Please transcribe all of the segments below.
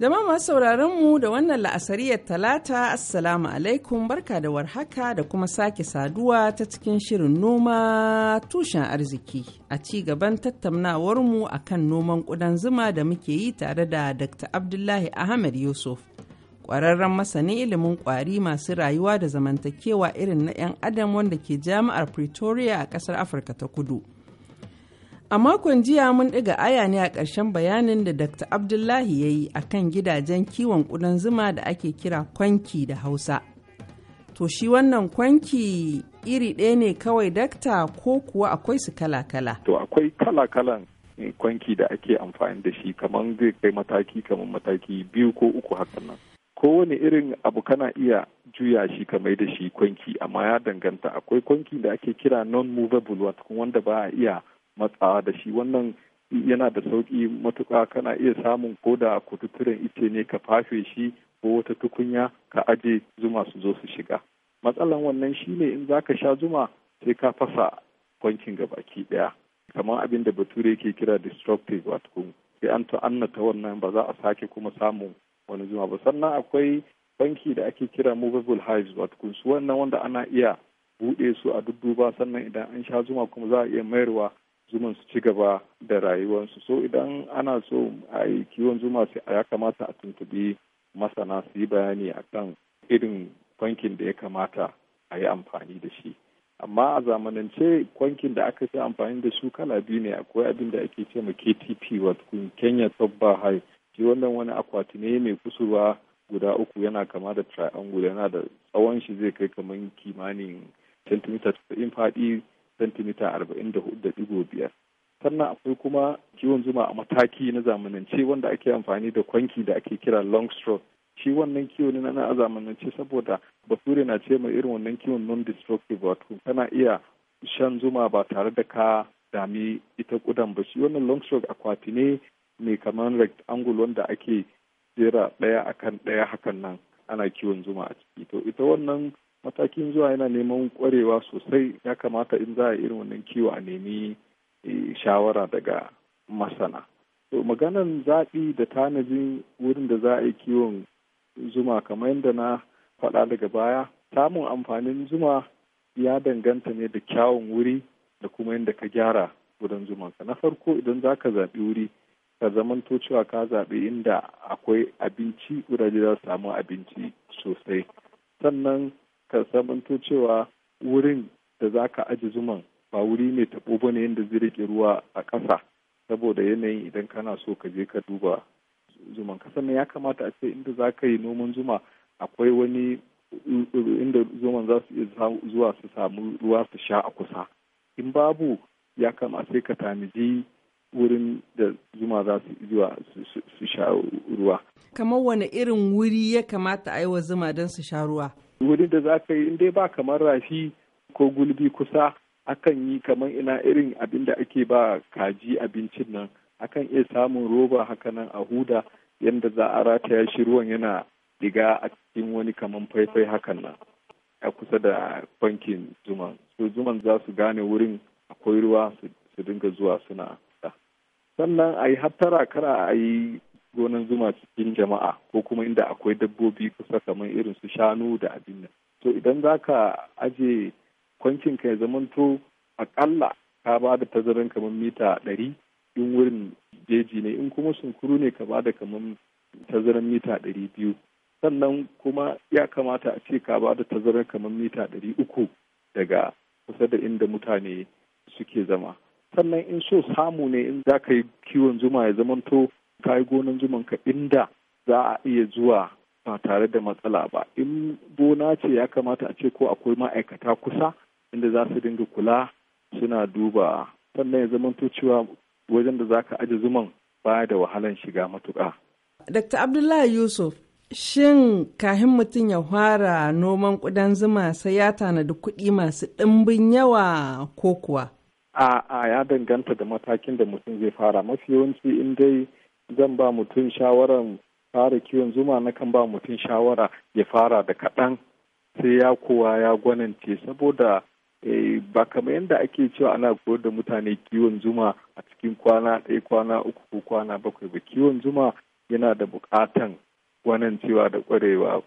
Zama masu sauraron mu da wannan la'asariyar talata assalamu alaikum barka da warhaka da kuma sake saduwa ta cikin shirin noma tushen arziki a ci gaban tattaunawar mu kan noman ƙudan zuma da muke yi tare da Dr. Abdullahi Ahmed Yusuf. Ƙwararren masani ilimin ƙwari masu rayuwa da zamantakewa irin na 'yan adam wanda ke jami'ar Pretoria a ƙasar Afirka ta Kudu. A makon jiya mun ɗiga aya ne a ƙarshen bayanin da Dr. Abdullahi ya yi a kan gidajen kiwon ƙudan zuma da ake kira kwanki da Hausa. To shi wannan kwanki iri ɗaya ne kawai dakta ko kuwa akwai su kala-kala? To akwai kala-kalan kwanki da ake amfani da shi kamar zai kai mataki kamar mataki biyu ko uku hakan nan. Kowane irin abu kana iya juya shi kamar da shi kwanki amma ya danganta akwai kwanki da ake kira non-movable wato wanda ba a iya matsawa da shi wannan yana da sauƙi matuƙa kana iya samun ko da kututturen ice ne ka fafe shi ko wata tukunya ka aje zuma su zo su shiga matsalan wannan shi ne in za ka sha zuma sai ka fasa kwankin gabaki ɗaya kamar abin da bature ke kira destructive wato sai an annata wannan ba za a sake kuma samun wani zuma ba sannan akwai banki da ake kira movable hives wato su wannan wanda ana iya buɗe su a dudduba sannan idan an sha zuma kuma za a iya mayarwa zuman su ci gaba da rayuwarsu so idan ana so a yi kiwon zuma sai ya kamata a tuntubi masana su yi bayani kan irin kwankin da ya kamata a yi amfani da shi amma a zamanance kwankin da aka fi amfani da su kala biyu ne akwai abin da ake ce ma ktp wato kenya top high shi wannan wani akwati ne mai kusurwa guda uku yana kama da triangle yana da tsawon shi zai kai kamar kimanin centimeter 90 faɗi sentimita arba'in da hudu da digo biyar sannan akwai kuma kiwon zuma a mataki na zamanance wanda ake amfani da kwanki da ake kira long stroke shi wannan kiwon na na a zamanance saboda bature na ce mai irin wannan kiwon non destructive wato kana iya shan zuma ba tare da ka dami ita kudan ba shi wannan long stroke akwati ne mai kamar rectangle wanda ake jera ɗaya akan ɗaya hakan nan ana kiwon zuma a ciki to ita wannan matakin zuwa yana neman kwarewa sosai ya kamata in za a irin wannan kiwo a nemi eh, shawara daga masana to maganan zaɓi da tanajin wurin da za a yi kiwon zuma kamar yadda na faɗa daga baya samun amfanin zuma ya danganta ne da kyawun wuri da kuma yadda ka gyara wurin zuman ka na farko idan za ka zaɓi wuri ka zamanto cewa ka zaɓi inda akwai abinci wurare za su samu abinci sosai sannan ka sabanto cewa wurin da za ka aji zuman ba wuri mai taɓo ba ne yadda zai rike ruwa a ƙasa saboda yanayin idan kana so ka je ka duba zuman ka sannan ya kamata a ce inda za ka yi noman zuma akwai wani inda zuman za su iya zuwa su samu ruwa su sha a kusa in babu ya kamata sai ka tanaji wurin da zuma za su zuwa su sha ruwa kamar wani irin wuri ya kamata a yi wa zuma don su sha ruwa wurin da za ka yi in dai ba kamar rafi ko gulbi kusa akan yi kamar ina irin abin da ake ba kaji abincin nan akan iya samun roba hakanan a huda yadda za a rataya shi ruwan yana diga a cikin wani kamar faifai hakan nan a kusa da bankin zuman so zuman za su gane wurin akwai ruwa su dinga zuwa suna sannan a yi hattara kara a yi gonan zuma cikin jama'a ko kuma inda akwai dabbobi kusa kamar irin su shanu da abin nan to idan za ka aje kwancin ka ya zamanto akalla ka ba da tazarin kamar mita ɗari in wurin jeji ne in kuma sunkuru ne ka ba da kamar tazarin mita ɗari biyu sannan kuma ya kamata a ce ka ba da tazarin kamar mita ɗari uku daga kusa da inda mutane suke zama sannan in so samu ne in za ka yi kiwon zuma ya zamanto ka yi gonan ka inda za a iya zuwa ba tare da matsala ba in gona ce ya kamata a ce ko akwai ma'aikata kusa inda za su dinga kula suna duba sannan ya zamanto cewa wajen da za ka aje zuman baya da wahalan shiga matuƙa. Dr. Abdullahi Yusuf, shin kahin mutum ya fara noman ƙudan zuma sai ya tanadi kuɗi masu ɗimbin yawa ko kuwa? A, a ya danganta da matakin da mutum zai fara mafi yawanci in dai zan ba mutum shawaran fara kiwon zuma na kan ba mutum shawara ya fara da kaɗan sai ya kowa ya gwanance saboda eh, ba kamar yadda ake cewa ana koyar da mutane kiwon zuma a cikin kwana ɗaya kwana uku ko kwana bakwai ba kiwon zuma yana da buƙatan gwanancewa da ƙwarewa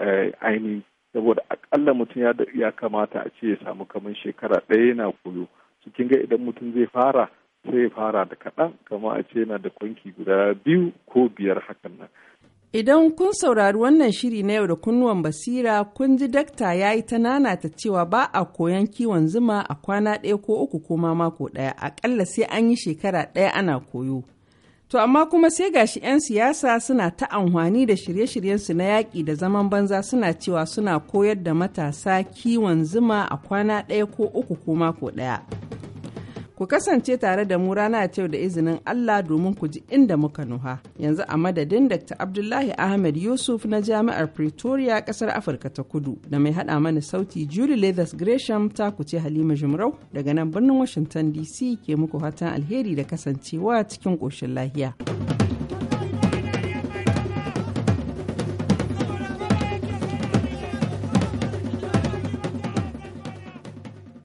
eh, ainihin saboda akalla mutum ya kamata a ce ya samu kamar shekara ɗaya yana koyo cikin ga idan mutum zai fara sai fara da kaɗan kama a ce yana da kwanki guda biyu ko biyar hakan nan. Idan kun saurari wannan shiri na yau da kunnuwan basira kun ji dakta ya yi ta nanata cewa ba a koyan kiwon zuma a kwana ɗaya ko uku ko ma mako ɗaya aƙalla sai an yi shekara ɗaya ana koyo. To amma kuma sai gashi 'yan siyasa suna ta amfani da shirye shiryen su na yaƙi da zaman banza suna cewa suna koyar da matasa kiwon zuma a kwana ɗaya ko uku ko mako ɗaya. Ku kasance tare da mu rana ta yau da izinin Allah domin ku ji inda muka nuha. Yanzu a madadin Dr. Abdullahi Ahmed Yusuf na Jami'ar Pretoria ƙasar Afirka ta Kudu da mai haɗa mana sauti Julie Leathers Gresham ta kuce Halima Jumrau daga nan birnin Washington DC ke muku fatan alheri da kasancewa cikin ƙoshin lahiya.